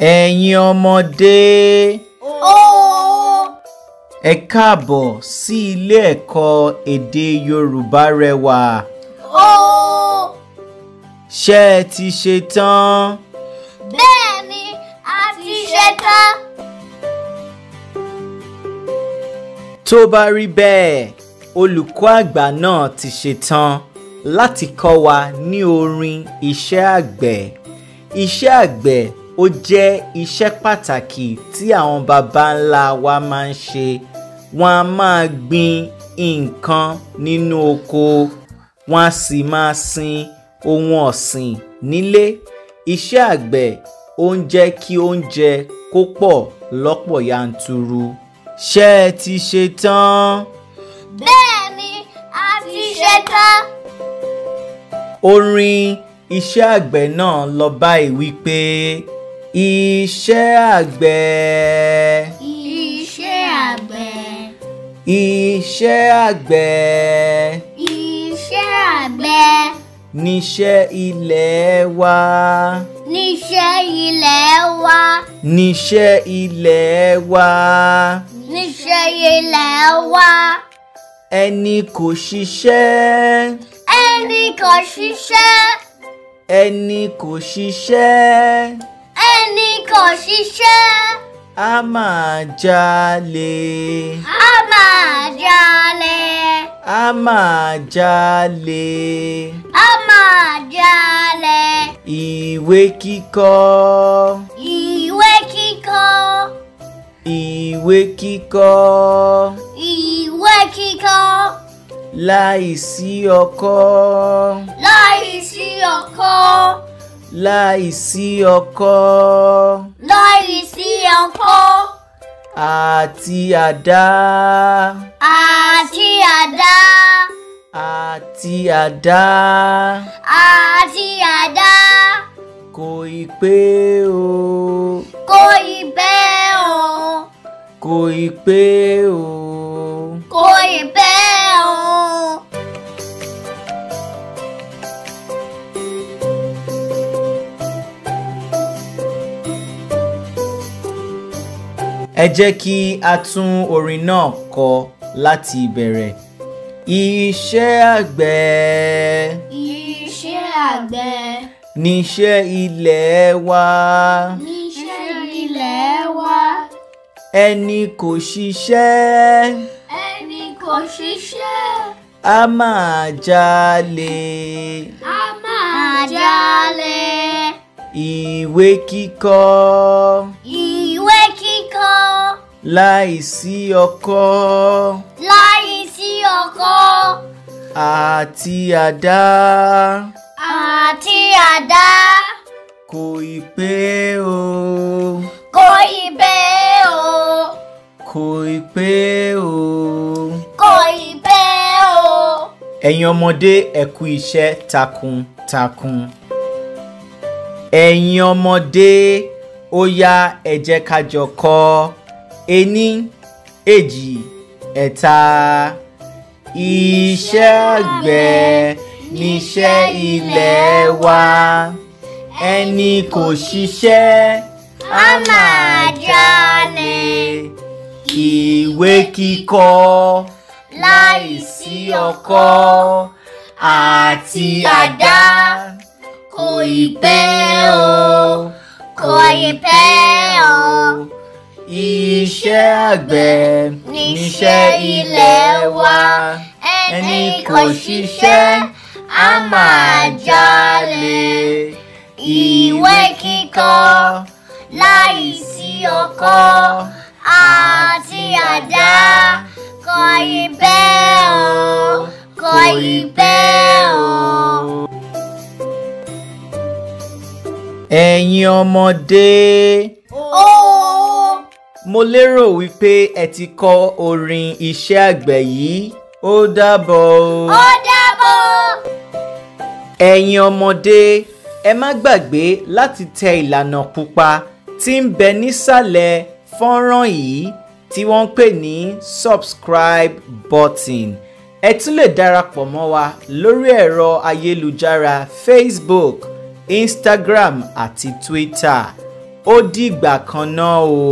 ẹ̀yin ọmọdé. ó. ẹ káàbọ̀ sí ilé ẹ̀kọ́ èdè Yorùbá rẹwà. ó. ṣé ẹ ti ṣe bẹ́ẹ̀ ni a ti ṣe tán. tó bá rí bẹ́ẹ̀ olùkọ́ àgbà náà ti ṣe láti kọ́ wa ní orin iṣẹ́ àgbẹ̀ iṣẹ́ àgbẹ̀ ó jẹ́ iṣẹ́ pàtàkì tí àwọn baba ńlá wa máa ń ṣe wọ́n á máa gbin nǹkan nínú oko wọ́n á sì máa sin ohun ọ̀sìn nílé iṣẹ́ àgbẹ̀ ó ń jẹ́ kí oúnjẹ kó pọ̀ lọ́pọ̀ yanturu ṣé ẹ ti ṣe tán? bẹ́ẹ̀ ni a ti ṣe tán. orin iṣẹ́ àgbẹ̀ náà lọ báyìí wípé. Iṣẹ́ àgbẹ̀. Iṣẹ́ àgbẹ̀. Iṣẹ́ àgbẹ̀. Iṣẹ́ àgbẹ̀. Níṣẹ́ ilẹ̀ wa. Níṣẹ́ ilẹ̀ wa. Níṣẹ́ ilẹ̀ wa. Níṣẹ́ ilẹ̀ wa. Ẹni kò ṣiṣẹ́. Ẹni kò ṣiṣẹ́. Ẹni kò ṣiṣẹ́ kò ṣiṣẹ́. a máa jalè. a máa jalè. a máa jalè. a máa jalè. ìwé kíkọ. ìwé kíkọ. ìwé kíkọ. ìwé kíkọ. láìsí ọkọ. láìsí ọkọ láìsí ọkọ́. láìsí ọkọ́. àti àdá. àti àdá. àti àdá. àti àdá. kò ì pé o. kò ì pé o. kò ì pé o. ẹ jẹ́ kí a tún orin náà kọ láti ìbẹ̀rẹ̀. iṣẹ́ àgbẹ̀. iṣẹ́ àgbẹ̀. níṣẹ́ ilẹ̀ wa. níṣẹ́ ilẹ̀ wa. ẹni kò ṣiṣẹ́. ẹni kò ṣiṣẹ́. a máa jalè. a máa jalè. ìwé kíkọ. ìwé kíkọ láìsí ọkọ́. láìsí ọkọ́. àti àdá. àti àdá. kò ì pé o. kò ì pé o. kò ì pé o. kò ì pé o. ẹ̀yin ọmọdé ẹ iṣẹ́ takuntakun. ẹ̀yin ọmọdé ó yá ẹ jẹ́ kọ́ ení èjì ẹ̀ta iṣẹ́ àgbẹ̀ níṣẹ́ ilẹ̀ wa ẹni kò ṣiṣẹ́ á máa jalè ìwé kíkọ láìsí ọkọ àti àdá kò ì pẹ́ o kò ì pẹ́ o. Iṣẹ́ àgbẹ̀ níṣẹ́ ilẹ̀ wa ẹni kò ṣiṣẹ́ á máa jalè. Ìwé kíkọ láìsí ọkọ́ àti àdá kọ ibẹ̀ o kọ ibẹ̀ o. Ẹ̀yin ọmọdé. Oh mo lérò wípé ẹ ti kọ́ orin iṣẹ́ àgbẹ̀ yìí ó dàbọ̀ o. ó dàbọ̀ o. ẹ̀yin ọmọdé ẹ má gbàgbé láti tẹ ìlànà pupa tí ń bẹ nísàlẹ̀ fọ́nrán yìí tí wọ́n ń pè ní subscribe button ẹ tún lè darapọ̀ mọ́ wa lórí ẹ̀rọ ayélujára Facebook Instagram àti Twitter ó dìgbà kan náà o.